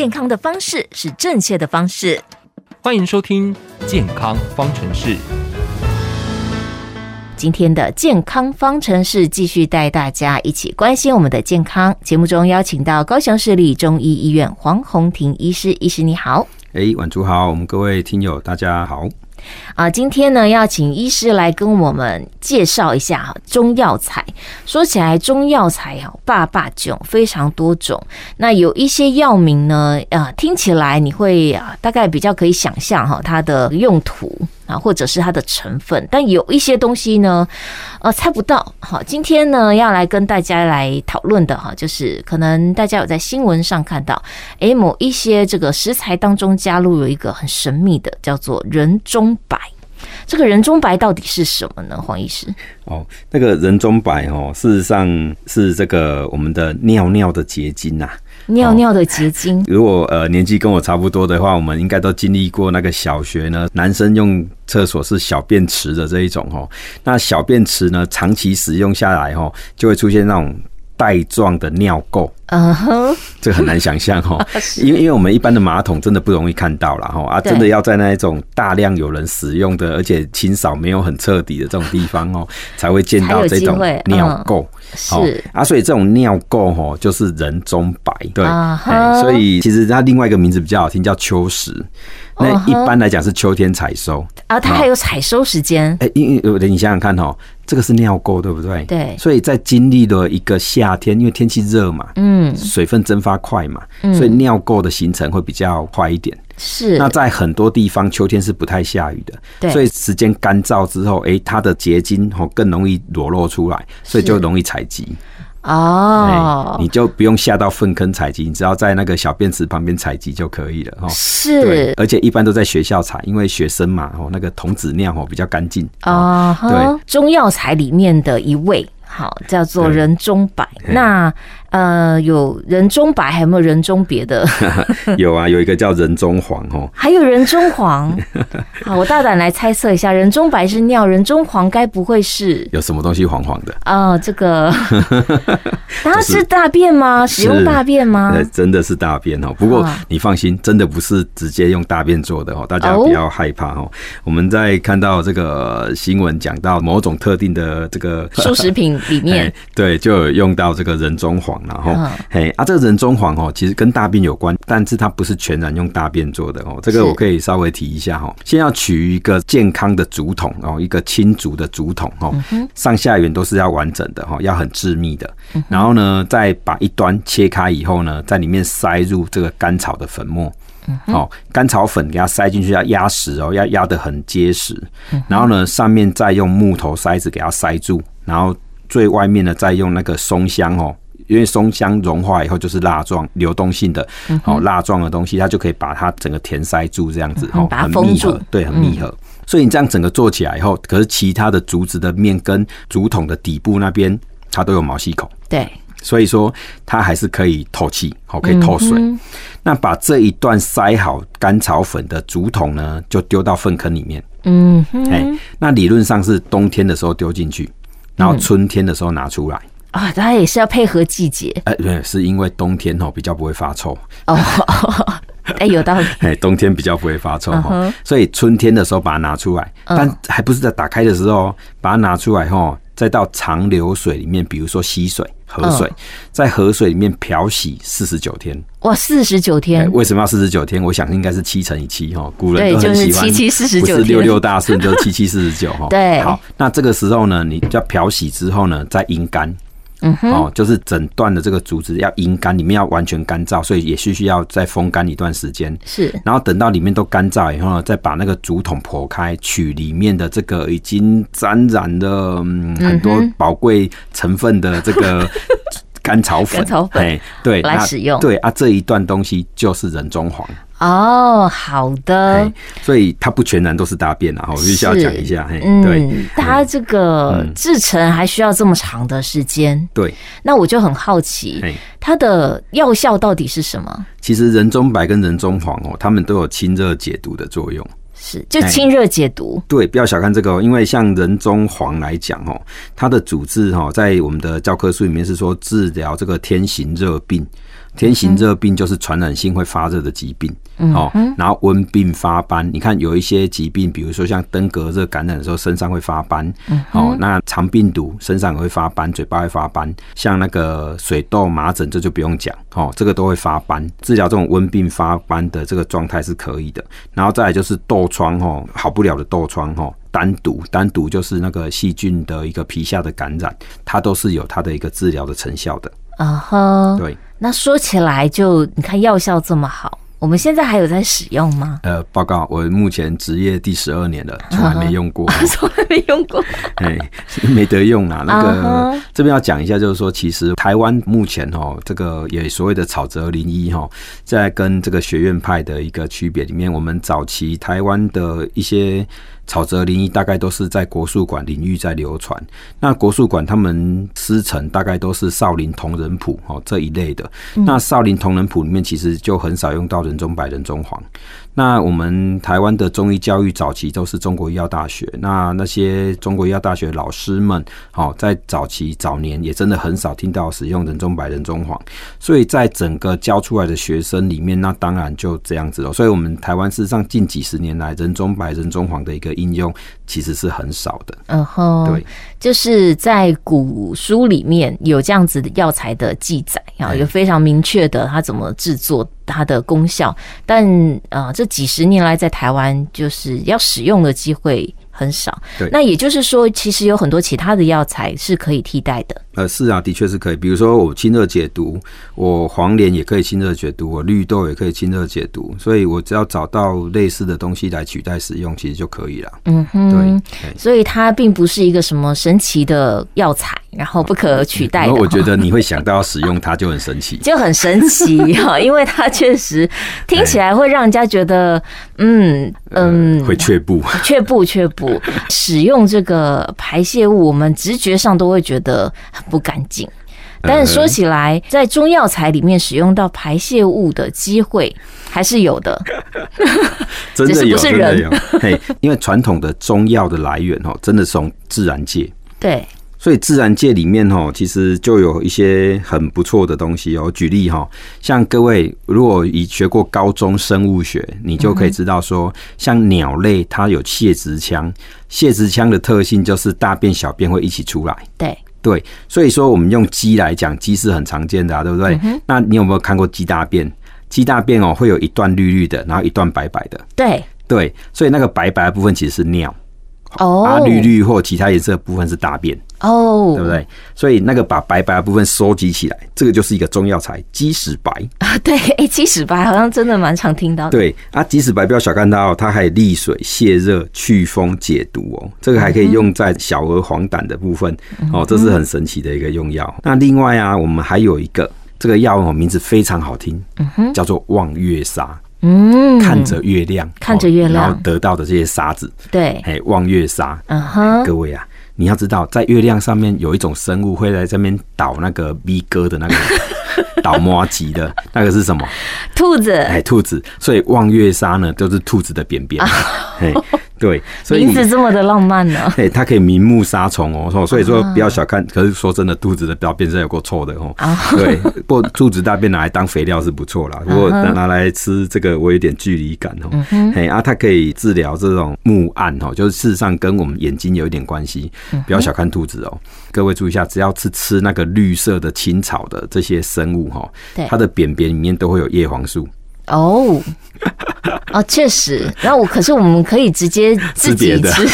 健康的方式是正確的方式。歡迎收聽《健康方程式》。今天的《健康方程式》繼續帶大家一起關心我們的健康。節目中邀請到高雄市立中醫醫院黃宏庭醫師，醫師你好。誒，晚主好，我們各位聽友大家好。啊，今天呢要請醫師來跟我們介紹一下哈中藥材。說起來中藥材啊，百百種非常多種。那有一些藥名呢，呃，聽起來你會啊，大概比較可以想象哈它的用途。啊，或者是它的成分，但有一些東西呢，呃，猜不到。好，今天呢要來跟大家來討論的哈，就是可能大家有在新聞上看到，欸，某一些這個食材當中加入了一個很神秘的，叫做人中白。這個人中白到底是什麼呢？黃醫師，哦，那個人中白哦，事實上是這個我們的尿尿的結晶啊。尿尿的結晶、哦。如果呃年紀跟我差不多的話，我們應該都經歷過那個小學呢，男生用廁所是小便池的這一種哦。那小便池呢，長期使用下來哦，就會出現那種。帶狀的尿垢，啊哈，這個很難想象哦。因為因為我們一般的馬桶真的不容易看到了哈，啊，真的要在那一種大量有人使用的，而且清掃沒有很徹底的這種地方哦，才會見到這種尿垢。是、uh -huh. 啊，所以這種尿垢哦，就是人中白，uh -huh. 對，所以其實它另外一個名字比較好聽，叫秋石。那一般來講是秋天採收啊，它還有採收時間。欸，因為你想想看哦、喔，這個是尿垢，對不對？對。所以在經歷了一個夏天，因為天氣熱嘛，嗯，水分蒸發快嘛，所以尿垢的形成會比較快一點。是、嗯。那在很多地方，秋天是不太下雨的，對，所以時間乾燥之後，欸，它的結晶更容易裸露出來，所以就容易採集。哦、oh，你就不用下到糞坑採集，你只要在那個小便池旁邊採集就可以了哦，是，而且一般都在學校採，因為學生嘛，那個童子尿比較乾淨。哦、uh -huh,，對，中藥材裡面的一味，好叫做人中白。那呃，有人中白，還有沒有人中別的？ 有啊，有一個叫人中黃哦。還有人中黃， 好，我大膽來猜測一下，人中白是尿，人中黃該不會是有什麼東西黃黃的？哦、呃，這個，它是大便嗎、 就是？使用大便嗎？真的是大便哦。不過你放心，真的不是直接用大便做的哦，大家不要害怕齁哦。我們在看到這個新聞，講到某種特定的這個素食品裡面， 對，就有用到這個人中黃。然後，嘿啊，這個人中黃哦，其實跟大便有關，但是它不是全然用大便做的哦。這個我可以稍微提一下哈、哦。先要取一個健康的竹筒哦，一個青竹的竹筒哦、嗯，上下緣都是要完整的哈、哦，要很致密的。然後呢，再把一端切開以後呢，在裡面塞入這個甘草的粉末。嗯，好、哦，甘草粉給它塞進去，要壓實哦，要壓得很結實。然後呢，上面再用木頭塞子給它塞住，然後最外面呢，再用那個松香哦。因為松香融化以後就是蠟狀、流動性的，好蠟狀的東西，它就可以把它整個填塞住這樣子，好，很密合，對，很密合。所以你這樣整個做起來以後，可是其他的竹子的面跟竹筒的底部那邊，它都有毛細孔，對，所以說它還是可以透氣，好，可以透水。那把這一段塞好甘草粉的竹筒呢，就丟到糞坑裡面，嗯哼，哎，那理論上是冬天的時候丟進去，然後春天的時候拿出來。啊、哦，它也是要配合季節。哎、欸，對，是因為冬天吼比較不會發臭。 哦，哎、欸，有道理。哎，冬天比較不會發臭哈，uh -huh. 所以春天的時候把它拿出來，但還不是在打開的時候把它拿出來哈。再到長流水裡面，比如說溪水、河水，哦、在河水裡面漂洗四十九天。哇、哦，四十九天？為什麼要四十九天？我想應該是七乘以七哈。古人對，就是七七四十九，不是六六大順，就七七四十九哈。對。好，那這個時候呢，你就要漂洗之後呢，再陰乾。嗯哼，哦，就是整段的這個竹子要陰乾，裡面要完全乾燥，所以也需需要再風乾一段時間。是，然後等到裡面都乾燥以後呢，再把那個竹筒剖開，取裡面的這個已經沾染的、嗯、很多寶貴成分的這個、嗯。 甘草粉，甘草粉對，來使用，對啊，這一段東西就是人中黃哦。Oh, 好的，所以它不全然都是大便啊，是我必須要講一下，嘿，對、嗯，它這個製程還需要這麼長的時間，對、嗯，那我就很好奇、嗯，它的藥效到底是什麼？其實人中白跟人中黃哦，它們都有清熱解毒的作用。是，就清熱解毒。哎，對，不要小看這個哦、喔，因為像人中黃來講哦、喔，它的主治哦，在我們的教科書裡面是說治療這個天行熱病。天行熱病就是傳染性會發熱的疾病。哦，然後溫病發斑，你看有一些疾病，比如說像登革熱感染的時候，身上會發斑。哦，那腸病毒身上也會發斑，嘴巴會發斑，像那個水痘、麻疹，這就不用講。哦，這個都會發斑。治療這種溫病發斑的這個狀態是可以的。然後再來就是痘瘡，哦，好不了的痘瘡，哦，單獨單獨就是那個細菌的一個皮下的感染，它都是有它的一個治療的成效的。啊哈，對。那說起來就你看藥效這麼好。我們現在還有在使用嗎？呃，報告，我目前執業第十二年了，從來沒用過，從來沒用過，哎，沒得用啦。Uh -huh. 那個這邊要講一下，就是說，其實台灣目前哦，這個也所謂的草澤鈴醫哈，在跟這個學院派的一個區別裡面，我們早期台灣的一些。草澤鈴醫大概都是在國術館領域在流傳，那國術館他們師承大概都是少林銅人譜哦這一類的，那少林銅人譜裡面其實就很少用到人中白、人中黃。那我們台灣的中醫教育早期都是中國醫藥大學，那那些中國醫藥大學老師們，好在早期早年也真的很少聽到使用人中白、人中黃，所以在整個教出來的學生裡面，那當然就這樣子了。所以，我們台灣事實上近幾十年來人中白、人中黃的一個應用其實是很少的。嗯哼，對，就是在古書裡面有這樣子的藥材的記載啊，有非常明確的它怎麼製作的。它的功效，但呃，這幾十年來在台灣就是要使用的機會很少。那也就是說，其實有很多其他的藥材是可以替代的。呃，是啊，的確是可以。比如說，我清熱解毒，我黃連也可以清熱解毒，我綠豆也可以清熱解毒，所以我只要找到類似的東西來取代使用，其實就可以了。嗯哼，對，對，所以它並不是一個什麼神奇的藥材，然後不可取代的，嗯嗯嗯。我覺得你會想到使用它，就很神奇， 就很神奇哈， 因為它確實聽起來會讓人家覺得，欸、嗯嗯，會卻步，卻步卻步。使用這個排泄物，我們直覺上都會覺得。不乾淨，但是說起來，在中藥材裡面使用到排泄物的機會還是有的， 真的有，真的有。嘿， 因為傳統的中藥的來源哦，真的是從自然界。對，所以自然界裡面哦，其實就有一些很不錯的東西哦。我舉例哈，像各位如果已學過高中生物學，你就可以知道說，像鳥類它有泄殖腔，泄殖腔的特性就是大便小便會一起出來。對。對，所以說我們用雞來講，雞是很常見的啊，對不對？嗯。那你有沒有看過雞大便？雞大便哦，會有一段綠綠的，然後一段白白的。對，對，所以那個白白的部分其實是尿。哦、oh，啊，綠綠或其他顏色部分是大便哦，oh. 對不對？所以那個把白白的部分收集起來，這個就是一個中藥材雞屎白啊。對，欸、雞屎白好像真的蠻常聽到的。對啊，雞屎白不要小看它，它還利水、泄熱、祛風、解毒哦、喔。這個還可以用在小兒黃疸的部分哦、uh -huh. 喔，這是很神奇的一個用藥。Uh -huh. 那另外啊，我們還有一個這個藥哦，名字非常好聽，uh -huh. 叫做望月砂。嗯，看着月亮，看着月亮，哦，然後得到的這些沙子，對，嘿，望月沙，uh-huh，各位啊，你要知道，在月亮上面有一種生物會在這邊倒那個逼哥的那個 倒麻吉的 那個是什麼？兔子，哎，兔子，所以望月沙呢就是兔子的便便，uh-huh. 對，名字這麼的浪漫呢。哎、欸，它可以明目殺蟲哦，所以說不要小看。Uh -huh. 可是說真的，兔子的大便是有夠臭的哦、喔。Uh -huh. 對，不過兔子大便拿來當肥料是不錯啦。Uh -huh. 如果拿來吃這個，我有點距離感哦、喔。嘿、uh -huh. 欸，啊，它可以治療這種目暗哦、喔，就是事實上跟我們眼睛有一點關係。不、uh、要 -huh. 小看兔子哦、喔，各位注意一下，只要是吃那個綠色的青草的這些生物哈、喔，uh -huh. 它的便便裡面都會有葉黃素。哦，啊，確實。然後我可是我們可以直接自己吃，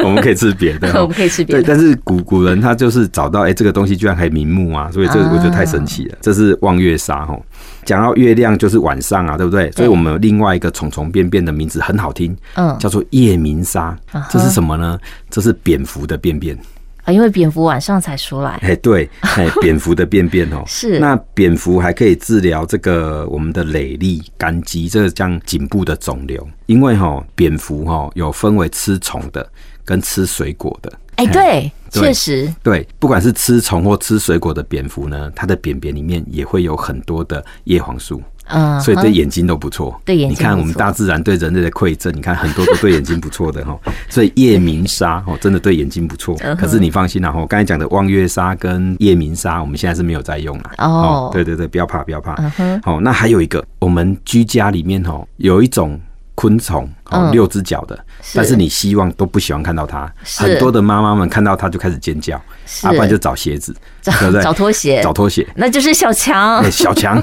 我們可以吃別的，我們可以吃別的， 的， 的。對，但是古古人他就是找到，哎、欸，這個東西居然還明目啊，所以這個我覺得太神奇了。啊、這是望月砂吼，講到月亮就是晚上啊，對不對？對，所以我們有另外一個蟲蟲便便的名字很好聽，嗯，叫做夜明砂、uh -huh。這是什麼呢？這是蝙蝠的便便。啊，因為蝙蝠晚上才出來。哎、欸，對，哎、欸，蝙蝠的便便哦， 是。那蝙蝠還可以治療這個我們的累粒肝疾，這個像頸部的腫瘤。因為哈、喔，蝙蝠哈、喔、有分為吃蟲的跟吃水果的。哎、欸，對，確、嗯、實，對，不管是吃蟲或吃水果的蝙蝠呢，它的便便裡面也會有很多的葉黃素。嗯、uh-huh，所以對眼睛都不錯。對眼睛，你看我們大自然對人類的饋贈，你看很多都對眼睛不錯的哈。 所以夜明砂哦，真的對眼睛不錯。 可是你放心了、啊，我剛才講的望月砂跟夜明砂，我們現在是沒有在用了、啊 uh-huh、哦，對對對，不要怕，不要怕。好，那還有一個，我們居家裡面哦，有一種。昆蟲，哦，嗯、六隻腳的，但是你希望都不喜歡看到它。很多的媽媽們看到它就開始尖叫，啊不然，啊、就找鞋子找對不對？找拖鞋，找拖鞋，那就是小強。欸、小強，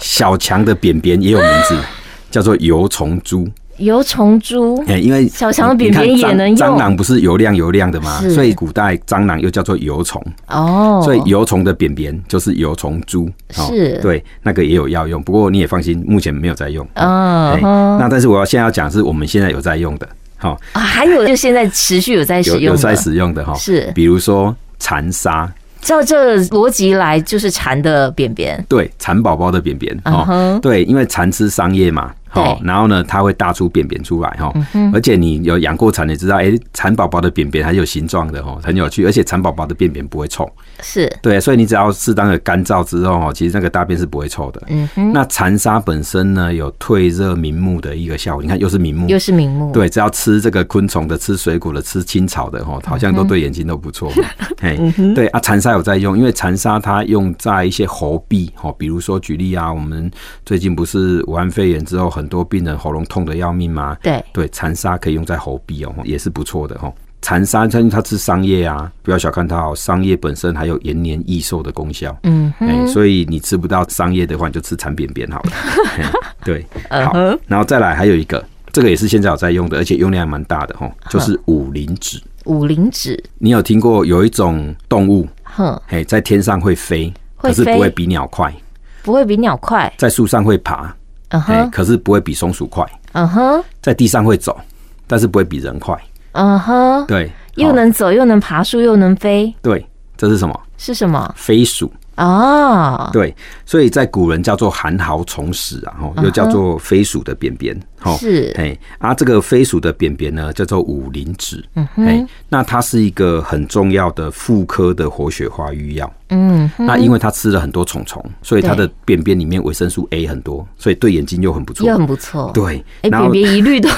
小強的扁扁也有名字， 叫做油蟲珠。油蟲珠，因為小強的扁扁也能用。蟑螂，不是油亮油亮的嘛？所以古代蟑螂又叫做油蟲。哦、oh.，所以油蟲的扁扁就是油蟲珠、哦。是，對，那個也有藥用。不過你也放心，目前沒有在用。哦、嗯 uh -huh. 欸，那但是我現在要講，是我們現在有在用的。好、哦啊，還有就現在持續有在使用的有，有在使用的哈、哦。是，比如說蠶沙。照這邏輯來，就是蠶的扁扁。對，蠶寶寶的扁扁。啊、哦，uh -huh. 對，因為蠶吃桑葉嘛。哦，然後呢，它會大出便便出來哈、哦嗯，而且你有養過蠶，你知道，哎，蠶寶寶的便便還有形狀的哦，很有趣，而且蠶寶寶的便便不會臭，是對，所以你只要適當的乾燥之後哦，其實那個大便是不會臭的、嗯。那蠶沙本身呢，有退熱明目的一個效果，你看又是明目，又是明目，對，只要吃這個昆蟲的、吃水果的、吃青草的哈、哦，好像都對眼睛都不錯、嗯嗯、對啊，蠶沙有在用，因為蠶沙它用在一些喉痹哦，比如說舉例啊，我們最近不是武漢肺炎之後很。很多病人喉嚨痛得要命嗎？對對，蠶沙可以用在喉痹哦、喔，也是不錯的哈。蠶沙，因為它吃桑葉啊，不要小看它哦。桑葉本身還有延年益壽的功效，嗯哼、欸，所以你吃不到桑葉的話，你就吃蠶扁扁好了。 對，好，然後再來還有一個，這個也是現在有在用的，而且用量還蠻大的哈，就是五靈脂。五靈脂，你有聽過有一種動物？哼、欸，在天上會飛，會飛，可是不會比鳥快，不會比鳥快，在樹上會爬。Uh-huh. 欸、可是不會比松鼠快。嗯哼，在地上會走，但是不會比人快。嗯哼，對，又能走，又能爬樹，又能飛。對，這是什麼？是什麼？飛鼠。啊、oh.，對，所以在古人叫做寒號蟲屎啊，吼，又叫做飛鼠的便便，吼、uh -huh. 哦，是，哎，啊，這個飛鼠的便便呢叫做五靈脂，哼、uh -huh.，那它是一個很重要的婦科的活血化瘀藥，嗯、uh -huh.，那因為它吃了很多蟲蟲，所以它的便便裡面維生素 A 很多，所以對眼睛又很不錯，又很不錯，對，哎，便便、欸、一律都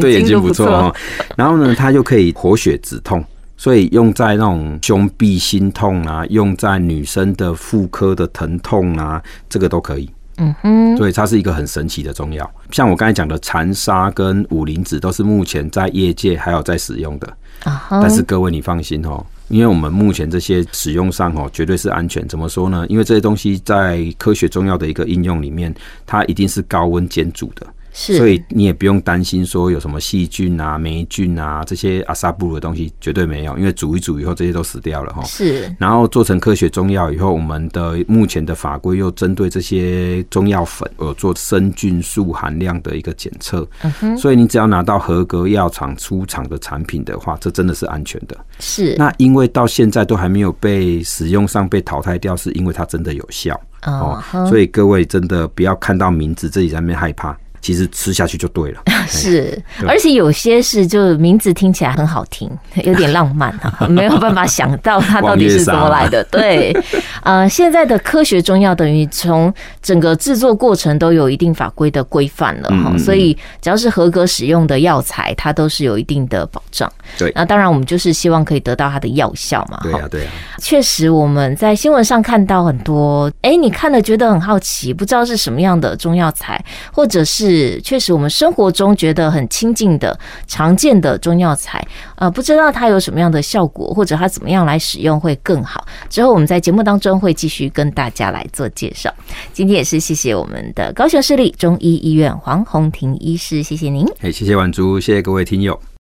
對眼睛不錯，不錯 然後呢，它又可以活血止痛。所以用在那種胸痹心痛啊，用在女生的婦科的疼痛啊，這個都可以。嗯嗯，所以它是一個很神奇的中藥。像我剛才講的，蠶沙跟五靈脂都是目前在業界還有在使用的。啊、uh -huh.，但是各位你放心哦、喔，因為我們目前這些使用上哦、喔，絕對是安全。怎麼說呢？因為這些東西在科學中藥的一個應用裡面，它一定是高溫煎煮的。是，所以你也不用擔心說有什麼細菌啊、黴菌啊這些阿薩布魯的東西絕對沒有，因為煮一煮以後這些都死掉了哈。是，然後做成科學中藥以後，我們的目前的法規又針對這些中藥粉而做生菌素含量的一個檢測，所以你只要拿到合格藥廠出廠的產品的話，這真的是安全的。是，那因為到現在都還沒有被使用上被淘汰掉，是因為它真的有效哦。所以各位真的不要看到名字自己在那邊害怕。其實吃下去就對了，是，而且有些是就名字聽起來很好聽，有點浪漫哈、啊， 沒有辦法想到它到底是怎麼來的。對， 呃，現在的科學中藥等於從整個製作過程都有一定法規的規範了哈、嗯，所以只要是合格使用的藥材，它都是有一定的保障。對，那當然我們就是希望可以得到它的藥效嘛。對啊，對啊，確實我們在新聞上看到很多，哎、欸，你看了覺得很好奇，不知道是什麼樣的中藥材，或者是。是，確實我們生活中覺得很親近的常見的中藥材，啊、呃，不知道它有什麼樣的效果，或者它怎麼樣來使用會更好。之後我們在節目當中會繼續跟大家來做介紹。今天也是謝謝我們的高雄市立中醫醫院黃宏庭醫師，謝謝您。哎，謝謝婉竹，謝謝各位聽友。